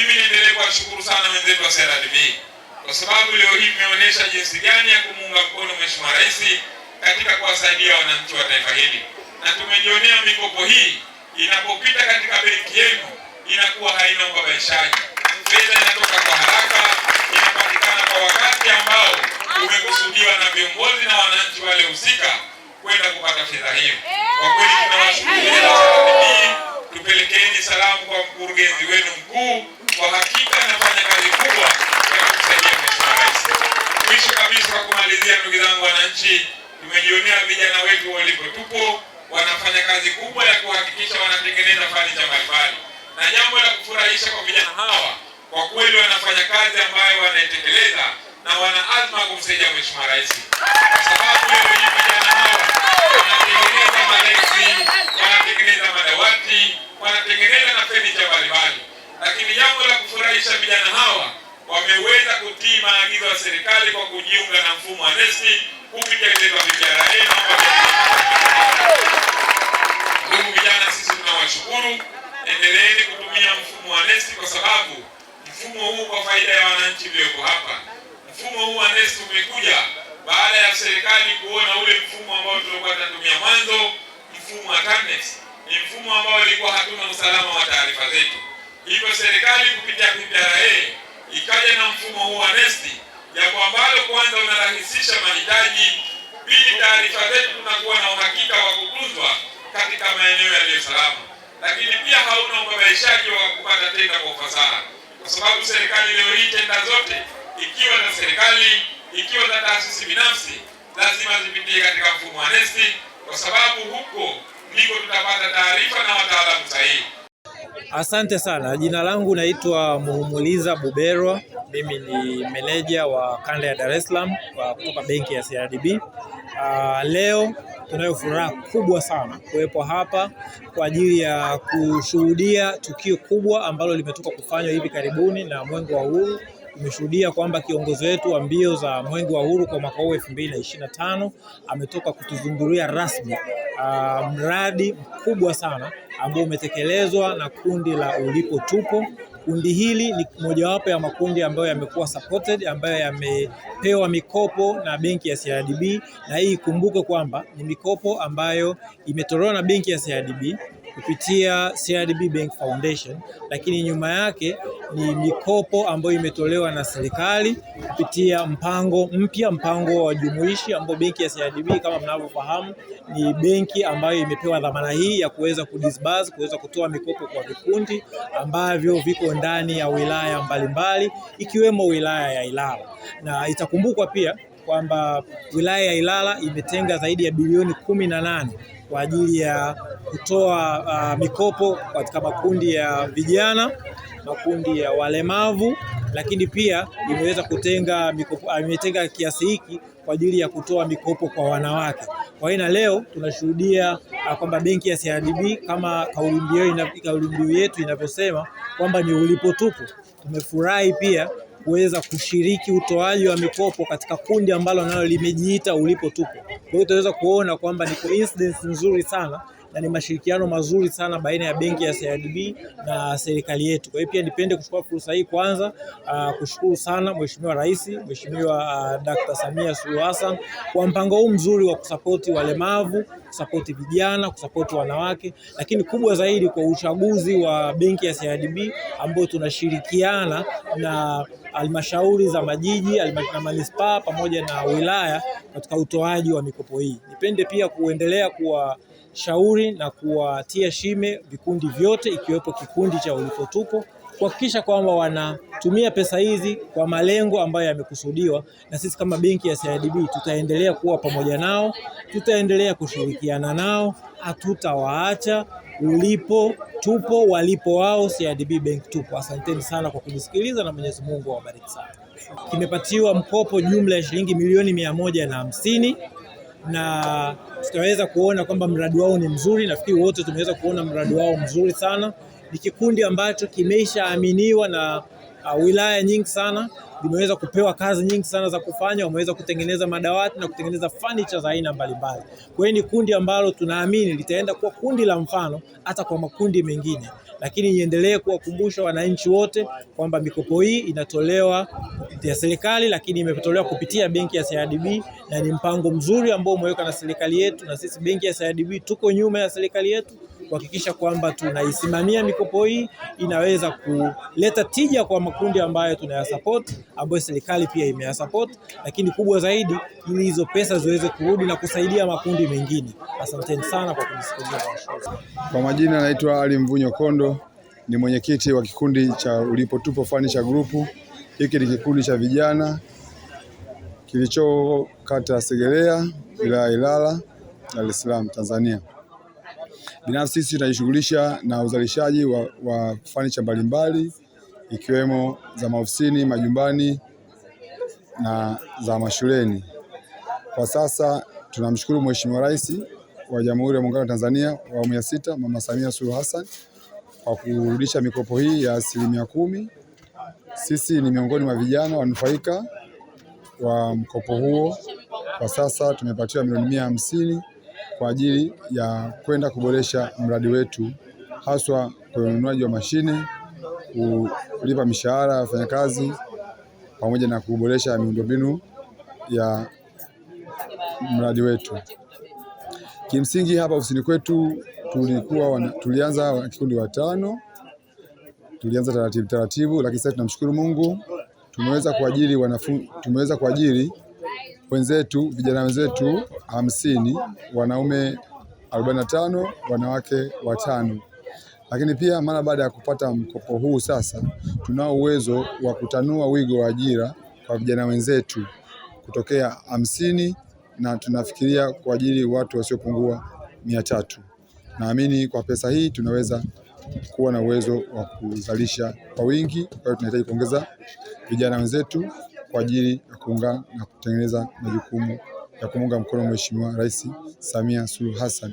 mimi niendelee kuwashukuru sana wenzetu wa CRDB kwa sababu leo hii mmeonyesha jinsi gani ya kumuunga mkono Mheshimiwa Rais katika kuwasaidia wananchi wa taifa hili, na tumejionea mikopo hii inapopita katika benki yenu inakuwa haina ubabaishaji, fedha inatoka kwa haraka, inapatikana kwa wakati ambao umekusudiwa na viongozi na wananchi wale husika kwenda kupata fedha hiyo. Kwa kweli tunawashukuru tupelekeni salamu kwa mkurugenzi wenu mkuu. Kwa hakika anafanya kazi kubwa ya kumsaidia Mheshimiwa Rais. Mwisho kabisa, kwa kumalizia, ndugu zangu wananchi, tumejionea vijana wetu walipo, tupo wanafanya kazi kubwa ya kuhakikisha wanatengeneza fanicha mbalimbali, na jambo la kufurahisha kwa vijana hawa, kwa kweli wanafanya kazi ambayo wanaitekeleza na wana azma kumsaidia Mheshimiwa Rais, kwa sababu leo hii vijana hawa wanatengeneza malezi wanatengeneza madawati, wanatengeneza na fenicha mbalimbali. Lakini jambo la kufurahisha, vijana hawa wameweza kutii maagizo ya serikali kwa kujiunga na mfumo wa NEST kupitia kitendo vijana enu. Ndugu vijana, sisi tunawashukuru, endeleeni kutumia mfumo wa NEST kwa sababu mfumo huu kwa faida ya wananchi mlioko hapa. Mfumo huu wa NEST umekuja baada ya serikali kuona ule mfumo ambao tulikuwa tunatumia mwanzo mfumo wa cabinet ni mfumo ambao ilikuwa hatuna usalama wa taarifa zetu, hivyo serikali kupitia PPRA ikaja na mfumo huu wa NeST, jambo ambalo kwanza unarahisisha mahitaji, pili taarifa zetu tunakuwa na uhakika wa kutunzwa katika maeneo yaliyo salama, lakini pia hauna ubabaishaji wa kupata tenda kwa ufasaha, kwa sababu serikali leo hii tenda zote ikiwa na serikali ikiwa na taasisi binafsi lazima zipitie katika mfumo wa NeST kwa sababu huko ndiko tutapata taarifa na wataalamu sahihi. Asante sana. Jina langu naitwa Muhumuliza Buberwa, mimi ni meneja wa kanda ya Dar es Salaam kutoka benki ya CRDB. Uh, ah, leo tunayo furaha kubwa sana kuwepo hapa kwa ajili ya kushuhudia tukio kubwa ambalo limetoka kufanywa hivi karibuni na Mwenge wa Uhuru Tumeshuhudia kwamba kiongozi wetu wa mbio za Mwenge wa Uhuru kwa mwaka huu 2025 ametoka kutuzunduria rasmi uh, mradi mkubwa sana ambao umetekelezwa na kundi la Ulipo Tupo. Kundi hili ni mojawapo ya makundi ambayo yamekuwa supported ambayo yamepewa mikopo na benki ya CRDB, na hii ikumbuke kwamba ni mikopo ambayo imetolewa na benki ya CRDB kupitia CRDB Bank Foundation, lakini nyuma yake ni mikopo ambayo imetolewa na serikali kupitia mpango mpya, mpango wa jumuishi ambao benki ya CRDB kama mnavyofahamu ni benki ambayo imepewa dhamana hii ya kuweza kudisburse, kuweza kutoa mikopo kwa vikundi ambavyo viko ndani ya wilaya mbalimbali ikiwemo wilaya ya Ilala, na itakumbukwa pia kwamba wilaya ya Ilala imetenga zaidi ya bilioni kumi na nane kwa ajili ya kutoa uh, mikopo katika makundi ya vijana, makundi ya walemavu, lakini pia imeweza kutenga mikopo, uh, imetenga kiasi hiki kwa ajili ya kutoa mikopo kwa wanawake. Kwa hiyo na leo tunashuhudia uh, kwamba benki ya CRDB kama kauli mbiu yetu inavyosema kwamba ni ulipo tupu Tumefurahi pia kuweza kushiriki utoaji wa mikopo katika kundi ambalo nalo limejiita Ulipo Tupo. Kwa hiyo utaweza kuona kwamba ni coincidence nzuri sana na ni mashirikiano mazuri sana baina ya benki ya CRDB na serikali yetu. Kwa hiyo pia nipende kuchukua fursa hii kwanza uh, kushukuru sana Mheshimiwa Rais, Mheshimiwa uh, Dr. Samia Suluhu Hassan kwa mpango huu mzuri wa kusapoti walemavu, kusapoti vijana, kusapoti wanawake, lakini kubwa zaidi kwa uchaguzi wa benki ya CRDB ambao tunashirikiana na halmashauri za majiji na manispaa pamoja na wilaya katika utoaji wa mikopo hii. Nipende pia kuendelea kuwashauri na kuwatia shime vikundi vyote ikiwepo kikundi cha Ulipotupo kuhakikisha kwamba wanatumia pesa hizi kwa malengo ambayo yamekusudiwa, na sisi kama benki ya CRDB tutaendelea kuwa pamoja nao, tutaendelea kushirikiana nao, hatutawaacha ulipo tupo, walipo wao, CRDB Bank tupo. Asanteni sana kwa kunisikiliza na Mwenyezi Mungu awabariki sana. Kimepatiwa mkopo jumla ya shilingi milioni mia moja na hamsini na tutaweza kuona kwamba mradi wao ni mzuri. Nafikiri wote tumeweza kuona mradi wao mzuri sana. Ni kikundi ambacho kimeshaaminiwa na uh, wilaya nyingi sana zimeweza kupewa kazi nyingi sana za kufanya. Wameweza kutengeneza madawati na kutengeneza furniture za aina mbalimbali. Kwa hiyo ni kundi ambalo tunaamini litaenda kuwa kundi la mfano hata kwa makundi mengine, lakini niendelee kuwakumbusha wananchi wote kwamba mikopo hii inatolewa ya serikali, lakini imetolewa kupitia benki ya CRDB na ni mpango mzuri ambao umewekwa na serikali yetu, na sisi benki ya CRDB tuko nyuma ya serikali yetu kuhakikisha kwamba tunaisimamia mikopo hii inaweza kuleta tija kwa makundi ambayo tunayasupport, ambayo serikali pia imeyasupport, lakini kubwa zaidi, ili hizo pesa ziweze kurudi na kusaidia makundi mengine. Asanteni sana kwa kunisikiliza. Kwa majina anaitwa Ali Mvunyo Kondo, ni mwenyekiti wa kikundi cha Ulipo Tupo Furniture Group. Hiki ni kikundi cha vijana kilicho kata Segerea, wilaya Ilala, Dar es Salaam, Tanzania. Binafsi sisi tunajishughulisha na uzalishaji wa, wa fanicha mbalimbali ikiwemo za maofisini, majumbani na za mashuleni. Kwa sasa tunamshukuru Mheshimiwa Rais wa Jamhuri ya Muungano wa Tanzania wa awamu ya sita, Mama Samia Suluhu Hassan kwa kurudisha mikopo hii ya asilimia kumi. Sisi ni miongoni mwa vijana wanufaika wa mkopo huo. Kwa sasa tumepatiwa milioni mia hamsini kwa ajili ya kwenda kuboresha mradi wetu haswa kwa ununuaji wa mashine, kulipa mishahara ya wafanyakazi pamoja na kuboresha miundombinu ya mradi wetu. Kimsingi hapa ofisini kwetu tulikuwa wana, tulianza kikundi watano, tulianza taratibu taratibu, lakini sasa tunamshukuru Mungu tumeweza kuajiri wanafunzi, tumeweza kuajiri wenzetu vijana wenzetu hamsini, wanaume 45, wanawake watano. Lakini pia mara baada ya kupata mkopo huu sasa tunao uwezo wa kutanua wigo wa ajira kwa vijana wenzetu kutokea hamsini na tunafikiria kwa ajili watu wasiopungua mia tatu. Naamini kwa pesa hii tunaweza kuwa na uwezo wa kuzalisha kwa wingi. Kwa hiyo tunahitaji kuongeza vijana wenzetu kwa ajili ya kuungana na kutengeneza majukumu ya kumuunga mkono Mheshimiwa Rais Samia Suluhu Hassan.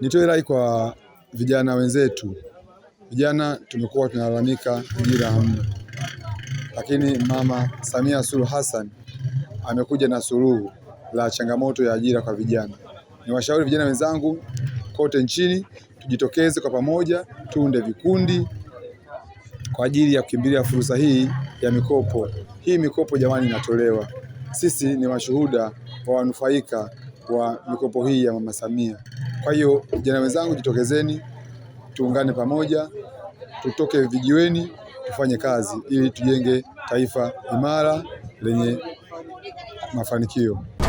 Nitoe rai kwa vijana wenzetu. Vijana tumekuwa tunalalamika ajira hamna, lakini Mama Samia Suluhu Hassan amekuja na suluhu la changamoto ya ajira kwa vijana. Niwashauri vijana wenzangu kote nchini, tujitokeze kwa pamoja, tuunde vikundi kwa ajili ya kukimbilia fursa hii ya mikopo. Hii mikopo jamani, inatolewa. Sisi ni mashuhuda wa wanufaika wa mikopo hii ya Mama Samia. Kwa hiyo vijana wenzangu, jitokezeni, tuungane pamoja, tutoke vijiweni, tufanye kazi ili tujenge taifa imara lenye mafanikio.